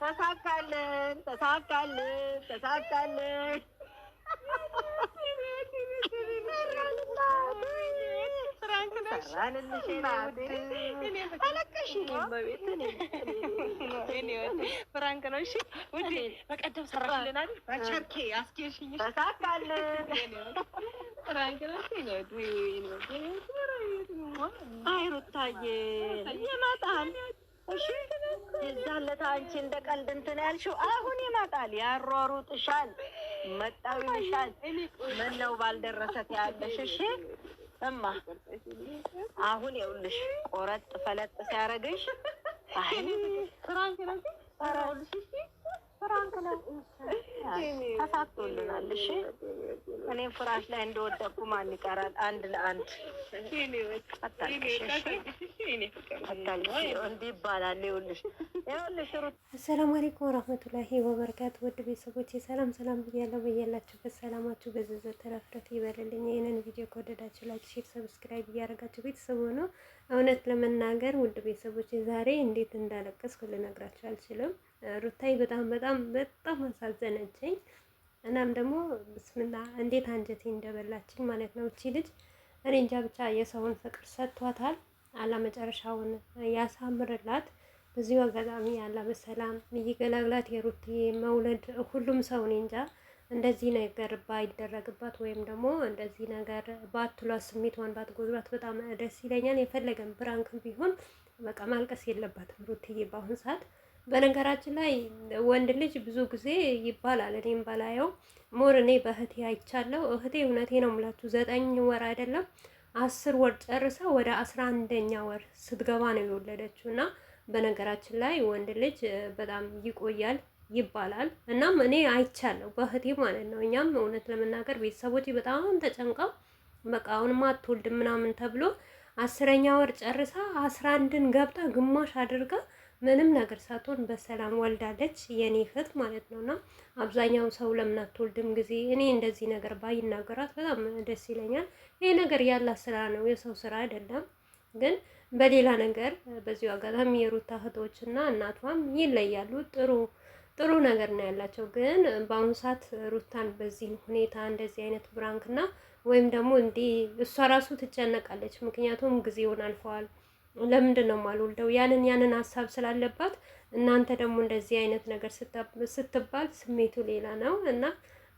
ተሳካልን ተሳካልን ተሳካልን። ሰራንልሽ አለቀሽ። ፍራንክ ነው። እሺ ውዴ፣ በቀደም ሰራሽልን በቸርኬ አስኬሽኝ። ተሳካልን። አይ ሩታዬ ይመጣል። እሺ የዛን ዕለት አንቺ እንደ ቀልድ እንትን ያልሽው አሁን ይመጣል። ያሯሩጥሻል፣ መጣው ይልሻል። ምን ነው ባልደረሰት ያለሽ እሺ እማ አሁን ይኸውልሽ ቆረጥ ፈለጥ ሲያደርግሽ ፍራንክ ነው ተሳክቶልናል። እሺ እኔም ፍራሽ ላይ እንደወደቅኩ ማን ይቀራል? አንድ ለአንድ አታልቅሽ፣ እንዲህ ይባላል። ይኸውልሽ አሰላሙ አለይኩም ወራህመቱላሂ ወበረካቱ። ውድ ቤተሰቦች ሰላም ሰላም ብያለሁ። በያላችሁበት ሰላማችሁ በዘዘ ተረፍረፍ ይበልልኝ። ይህንን ቪዲዮ ከወደዳችሁ ላይክ፣ ሼር፣ ሰብስክራይብ እያደረጋችሁ ቤተሰብ ሆኖ እውነት ለመናገር ውድ ቤተሰቦች ዛሬ እንዴት እንዳለቀስኩ ልነግራችሁ አልችልም። ሩታይ በጣም በጣም በጣም አሳዘነችኝ። እናም ደግሞ ብስምላ እንዴት አንጀቴ እንደበላችኝ ማለት ነው። እቺ ልጅ እኔ እንጃ ብቻ የሰውን ፍቅር ሰጥቷታል። አላ መጨረሻውን ያሳምርላት። በዚሁ አጋጣሚ ያለ በሰላም እየገላግላት የሩት መውለድ ሁሉም ሰው እኔ እንጃ እንደዚህ ነገር ባይደረግባት ወይም ደግሞ እንደዚህ ነገር ባትሏት ስሜቷን ባትጎድሏት በጣም ደስ ይለኛል። የፈለገን ብራንክ ቢሆን በቃ ማልቀስ የለባትም ሩትዬ በአሁን ሰዓት። በነገራችን ላይ ወንድ ልጅ ብዙ ጊዜ ይባላል፣ እኔም በላየው ሞር እኔ በእህቴ አይቻለሁ። እህቴ እውነቴ ነው የምላችሁ ዘጠኝ ወር አይደለም አስር ወር ጨርሰው ወደ አስራ አንደኛ ወር ስትገባ ነው የወለደችው እና በነገራችን ላይ ወንድ ልጅ በጣም ይቆያል ይባላል። እናም እኔ አይቻለሁ በእህቴ ማለት ነው። እኛም እውነት ለመናገር ቤተሰቦች በጣም ተጨንቀው በቃ አሁንማ አትወልድም ምናምን ተብሎ አስረኛ ወር ጨርሳ አስራ አንድን ገብታ ግማሽ አድርጋ ምንም ነገር ሳትሆን በሰላም ወልዳለች፣ የኔ እህት ማለት ነው። እና አብዛኛው ሰው ለምን አትወልድም ጊዜ እኔ እንደዚህ ነገር ባይናገራት በጣም ደስ ይለኛል። ይሄ ነገር ያላት ስራ ነው፣ የሰው ስራ አይደለም ግን በሌላ ነገር በዚሁ አጋጣሚ የሩታ እህቶች እና እናቷም ይለያሉ። ጥሩ ጥሩ ነገር ነው ያላቸው። ግን በአሁኑ ሰዓት ሩታን በዚህ ሁኔታ እንደዚህ አይነት ብራንክና ወይም ደግሞ እንዲህ እሷ ራሱ ትጨነቃለች። ምክንያቱም ጊዜውን አልፈዋል። ለምንድን ነው የማልወልደው? ያንን ያንን ሀሳብ ስላለባት እናንተ ደግሞ እንደዚህ አይነት ነገር ስትባል ስሜቱ ሌላ ነው እና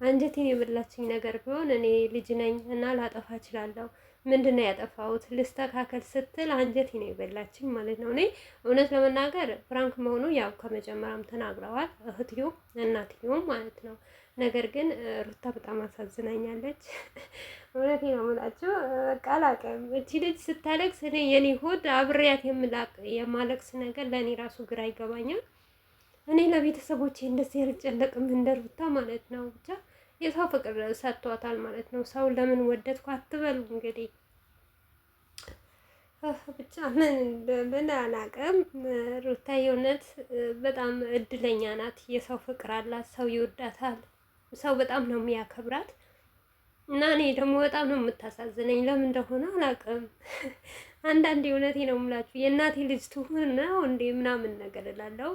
አንጀቴን የበላችኝ ነገር ቢሆን እኔ ልጅ ነኝ እና ላጠፋ እችላለሁ። ምንድን ነው ያጠፋሁት? ልስተካከል ስትል አንጀቴ ነው የበላችኝ ማለት ነው። እኔ እውነት ለመናገር ፍራንክ መሆኑ ያው ከመጀመሪያም ተናግረዋል እህትዮ እናትዮም ማለት ነው። ነገር ግን ሩታ በጣም አሳዝናኛለች። እውነቴ ነው የምላቸው ቃል እቺ ልጅ ስታለቅስ እኔ የኔ ሆድ አብሬያት የማለቅስ ነገር ለእኔ ራሱ ግራ ይገባኛል። እኔ ለቤተሰቦቼ እንደዚህ አልጨነቅም እንደሩታ ማለት ነው። ብቻ የሰው ፍቅር ሰጥቷታል ማለት ነው። ሰው ለምን ወደድኩ አትበሉ እንግዲህ ብቻ ምን ምን አላውቅም። ሩታ የእውነት በጣም እድለኛ ናት። የሰው ፍቅር አላት። ሰው ይወዳታል። ሰው በጣም ነው የሚያከብራት እና እኔ ደግሞ በጣም ነው የምታሳዝነኝ። ለምን እንደሆነ አላውቅም። አንዳንዴ እውነቴ ነው የምላችሁ የእናቴ ልጅ ትሁን ነው እንዴ ምናምን ነገር እላለሁ።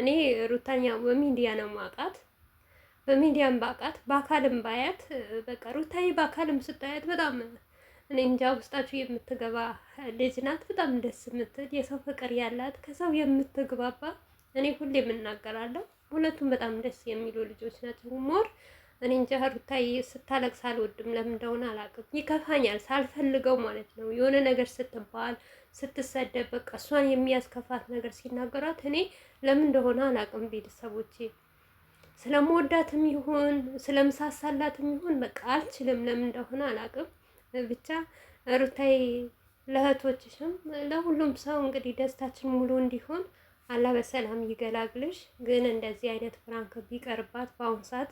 እኔ ሩታኛ በሚዲያ ነው ማውቃት በሚዲያም ባውቃት በአካልም ባያት በቃ ሩታዬ በአካልም ስታያት በጣም እኔ እንጃ ውስጣችሁ የምትገባ ልጅ ናት። በጣም ደስ የምትል የሰው ፍቅር ያላት ከሰው የምትግባባ እኔ ሁሌ የምናገራለሁ። ሁለቱም በጣም ደስ የሚሉ ልጆች ናቸው ሞር እኔ እንጃ ሩታዬ ስታለቅስ አልወድም። ለምን እንደሆነ አላውቅም። ይከፋኛል ሳልፈልገው ማለት ነው። የሆነ ነገር ስትባል፣ ስትሰደብ፣ በቃ እሷን የሚያስከፋት ነገር ሲናገራት እኔ ለምን እንደሆነ አላውቅም። ቤተሰቦቼ ስለመወዳትም ይሁን ስለምሳሳላትም ይሁን በቃ አልችልም። ለምን እንደሆነ አላውቅም። ብቻ ሩታዬ ለእህቶችሽም ለሁሉም ሰው እንግዲህ ደስታችን ሙሉ እንዲሆን አላ በሰላም ይገላግልሽ። ግን እንደዚህ አይነት ፍራንክ ቢቀርባት በአሁኑ ሰዓት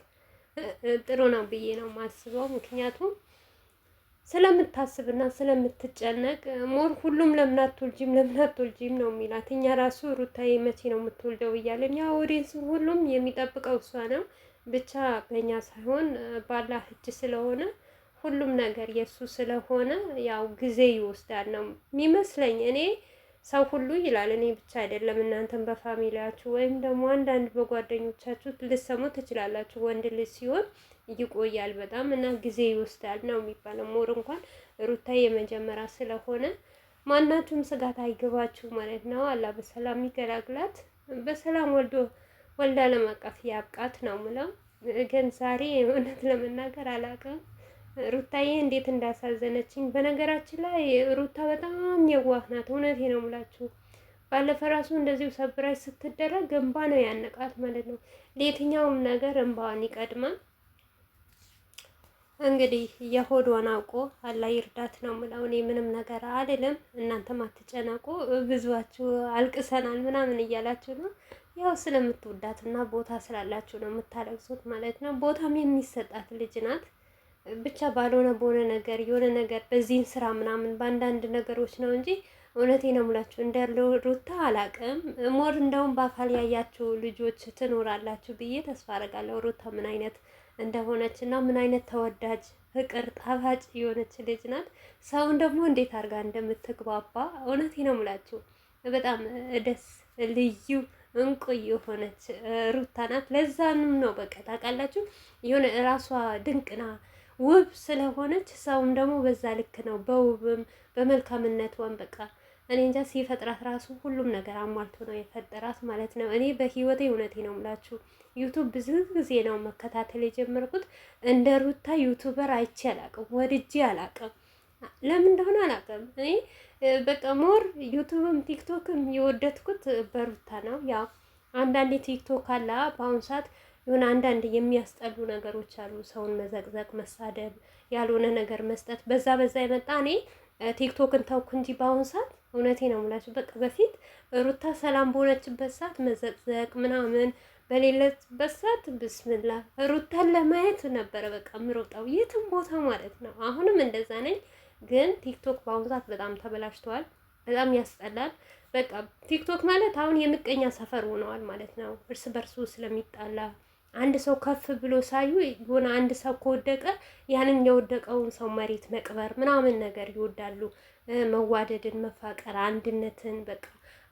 ጥሩ ነው ብዬ ነው የማስበው። ምክንያቱም ስለምታስብና ስለምትጨነቅ ሞር ሁሉም ለምን አትወልጂም ለምን አትወልጂም ነው የሚላት። እኛ ራሱ ሩታዬ መቼ ነው የምትወልደው እያለ እኛ ኦዲየንስ ሁሉም የሚጠብቀው እሷ ነው። ብቻ በእኛ ሳይሆን ባላህ እጅ ስለሆነ ሁሉም ነገር የእሱ ስለሆነ ያው ጊዜ ይወስዳል ነው የሚመስለኝ እኔ ሰው ሁሉ ይላል። እኔ ብቻ አይደለም። እናንተን በፋሚሊያችሁ ወይም ደግሞ አንዳንድ በጓደኞቻችሁ ልሰሙ ትችላላችሁ። ወንድ ልጅ ሲሆን ይቆያል በጣም እና ጊዜ ይወስዳል ነው የሚባለው። ሞር እንኳን ሩታ የመጀመሪያ ስለሆነ ማናችሁም ስጋት አይገባችሁ ማለት ነው። አላ በሰላም ይገላግላት፣ በሰላም ወልዶ ወልዳ ለማቀፍ ያብቃት ነው ምለው። ግን ዛሬ እውነት ለመናገር አላቀም። ሩታዬ እንዴት እንዳሳዘነችኝ። በነገራችን ላይ ሩታ በጣም የዋህ ናት። እውነቴ ነው ምላችሁ ባለፈ ራሱ እንደዚሁ ሰብራች ስትደረግ እንባ ነው ያነቃት ማለት ነው። ለየትኛውም ነገር እንባዋን ይቀድማል። እንግዲህ የሆዷን አውቆ አላህ ይርዳት ነው የምለው። እኔ ምንም ነገር አልልም። እናንተም አትጨነቁ። ብዙዋችሁ አልቅሰናል ምናምን እያላችሁ ነው። ያው ስለምትወዳት እና ቦታ ስላላችሁ ነው የምታለቅሱት ማለት ነው። ቦታም የሚሰጣት ልጅ ናት። ብቻ ባልሆነ በሆነ ነገር የሆነ ነገር በዚህን ስራ ምናምን በአንዳንድ ነገሮች ነው እንጂ እውነቴ ነው ሙላችሁ እንደ ሩታ አላቅም ሞር እንደውም በአካል ያያችሁ ልጆች ትኖራላችሁ ብዬ ተስፋ አረጋለሁ። ሩታ ምን አይነት እንደሆነች እና ምን አይነት ተወዳጅ ፍቅር ጣፋጭ የሆነች ልጅ ናት። ሰውን ደግሞ እንዴት አድርጋ እንደምትግባባ እውነቴ ነው ሙላችሁ በጣም ደስ ልዩ እንቁ የሆነች ሩታ ናት። ለዛንም ነው በቃ ታውቃላችሁ የሆነ ራሷ ድንቅና ውብ ስለሆነች ሰውም ደግሞ በዛ ልክ ነው። በውብም በመልካምነቷም በቃ እኔ እንጃ ሲፈጥራት ራሱ ሁሉም ነገር አሟልቶ ነው የፈጠራት ማለት ነው። እኔ በህይወቴ እውነቴ ነው የምላችሁ ዩቱብ ብዙ ጊዜ ነው መከታተል የጀመርኩት። እንደ ሩታ ዩቱበር አይቼ አላቅም፣ ወድጄ አላቅም። ለምን እንደሆነ አላቅም። እኔ በቃ ሞር ዩቱብም ቲክቶክም የወደድኩት በሩታ ነው። ያው አንዳንዴ ቲክቶክ አላ በአሁኑ ሰዓት የሆነ አንዳንድ የሚያስጠሉ ነገሮች አሉ። ሰውን መዘቅዘቅ፣ መሳደብ፣ ያልሆነ ነገር መስጠት በዛ በዛ የመጣ እኔ ቲክቶክን ታውኩ እንጂ በአሁን ሰዓት እውነቴ ነው የምላችሁ። በቃ በፊት ሩታ ሰላም በሆነችበት ሰዓት መዘቅዘቅ ምናምን በሌለበት ሰዓት ብስምላ ሩታን ለማየት ነበረ በቃ የምሮጣው የትም ቦታ ማለት ነው። አሁንም እንደዛ ነኝ፣ ግን ቲክቶክ በአሁኑ ሰዓት በጣም ተበላሽተዋል። በጣም ያስጠላል። በቃ ቲክቶክ ማለት አሁን የምቀኛ ሰፈር ሆነዋል ማለት ነው። እርስ በርሱ ስለሚጣላ አንድ ሰው ከፍ ብሎ ሳዩ የሆነ አንድ ሰው ከወደቀ ያንን የወደቀውን ሰው መሬት መቅበር ምናምን ነገር ይወዳሉ። መዋደድን፣ መፋቀር፣ አንድነትን በቃ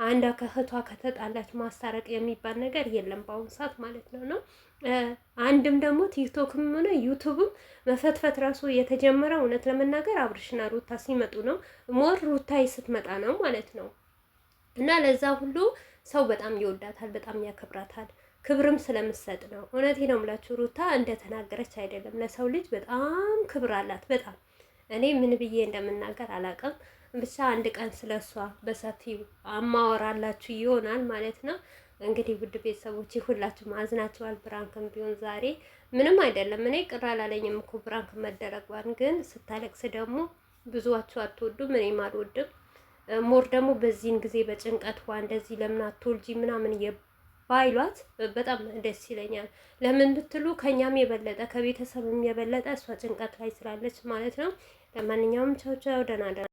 አንዷ ከእህቷ ከተጣላች ማስታረቅ የሚባል ነገር የለም በአሁኑ ሰዓት ማለት ነው ነው አንድም ደግሞ ቲክቶክም ሆነ ዩቱብም መፈትፈት ራሱ የተጀመረ እውነት ለመናገር አብርሽና ሩታ ሲመጡ ነው። ሞር ሩታ ስትመጣ ነው ማለት ነው። እና ለዛ ሁሉ ሰው በጣም ይወዳታል፣ በጣም ያከብራታል። ክብርም ስለምሰጥ ነው። እውነቴ ነው የምላችሁ ሩታ እንደተናገረች አይደለም። ለሰው ልጅ በጣም ክብር አላት። በጣም እኔ ምን ብዬ እንደምናገር አላውቅም። ብቻ አንድ ቀን ስለሷ በሰፊው አማወራላችሁ ይሆናል ማለት ነው። እንግዲህ ውድ ቤተሰቦች ሁላችሁም አዝናችኋል። ብራንክም ቢሆን ዛሬ ምንም አይደለም። እኔ ቅር አላለኝም እኮ ብራንክ መደረጓን። ግን ስታለቅስ ደግሞ ብዙዋችሁ አትወዱም፣ እኔም አልወድም። ሞር ደግሞ በዚህን ጊዜ ዋ እንደዚህ ለምን አትወልጂ ምናምን ባይሏት በጣም ደስ ይለኛል። ለምን ብትሉ ከእኛም የበለጠ ከቤተሰብም የበለጠ እሷ ጭንቀት ላይ ስላለች ማለት ነው። ለማንኛውም ቻው ቻው፣ ደህና ደህና